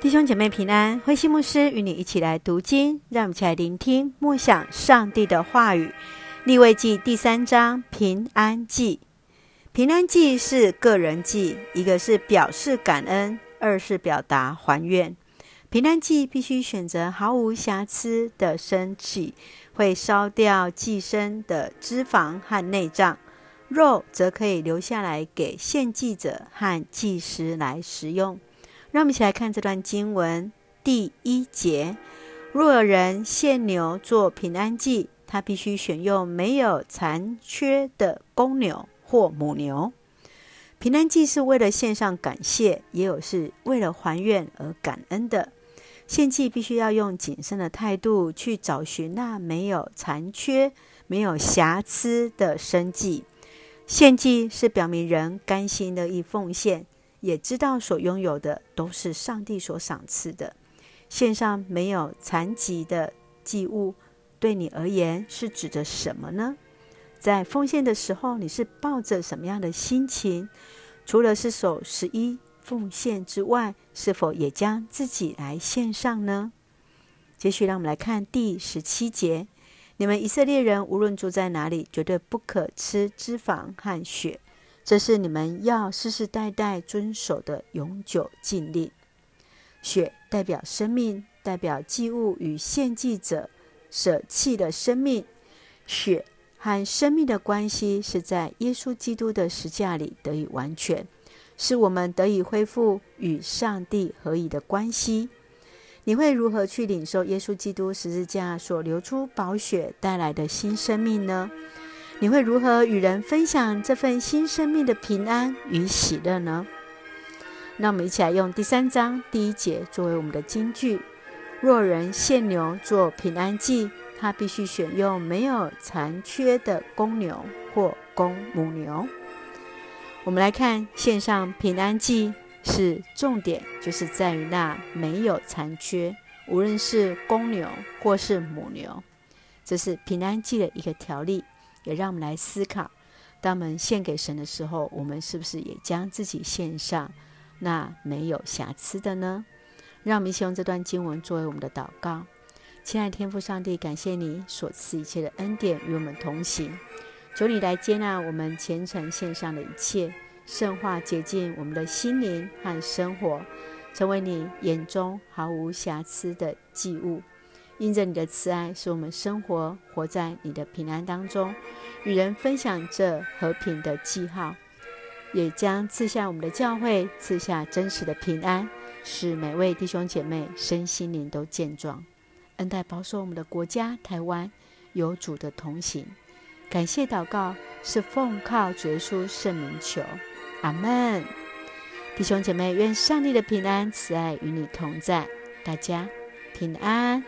弟兄姐妹平安，慧馨牧師與你一起來讀經，讓我們一起來聆聽默想上帝的話語。利未記第三章平安祭。平安祭是個人祭，一個是表示感恩，二是表達還願。平安祭必須選擇毫無瑕疵的牲祭，會燒掉祭牲的脂肪和內臟，肉則可以留下來給獻祭者和祭司來食用。讓我們一起來看這段經文第一節：若有人獻牛做平安祭，他必須選用沒有殘缺的公牛或母牛。平安祭是為了獻上感謝，也有是為了還願而感恩的。獻祭必須要用謹慎的態度去找尋那沒有殘缺、沒有瑕疵的牲祭。獻祭是表明人甘心樂意奉獻。也知道所擁有的都是上帝所賞賜的，獻上沒有殘疾的祭物，對你而言是指着什麼呢？在奉獻的時候，你是抱着什麼樣的心情？除了是守十一奉獻之外，是否也將自己來獻上呢？接續，讓我們來看第十七節：你們以色列人無論住在哪裡，絕對不可吃脂肪和血。這是你們要世世代代遵守的永久禁令。血代表生命，代表祭物與獻祭者捨棄的生命。血和生命的關係是在耶穌基督的十字架裡得以完全，是我們得以恢復與上帝合宜的關係。你會如何去領受耶穌基督十字架所流出寶血帶來的新生命呢？你會如何與人分享這份新生命的平安與喜樂呢？那我們一起來用第三章第一節作為我們的金句：“若人獻牛做平安祭，他必須選用沒有殘缺的公牛或公母牛。”我們來看，獻上平安祭是重點，就是在於那沒有殘缺，無論是公牛或是母牛，這是平安祭的一個條例。也讓我們來思考，當我們獻給神的時候，我們是不是也將自己獻上，那沒有瑕疵的呢？讓我們一起用這段經文作為我們的禱告。親愛的天父上帝，感謝你所賜一切的恩典與我們同行。求你來接納我們虔誠獻上的一切，聖化潔淨我們的心靈和生活，成為你眼中毫無瑕疵的祭物。因着你的慈愛，使我們生活活在你的平安當中，與人分享這和平的記號，也將賜下我們的教會，賜下真實的平安，使每位弟兄姐妹身心靈都健壯，恩待保守我們的國家台灣，有主的同行。感謝禱告，是奉靠主耶穌基督的聖名求，阿門。弟兄姐妹，願上帝的平安、慈愛與你同在。大家平安。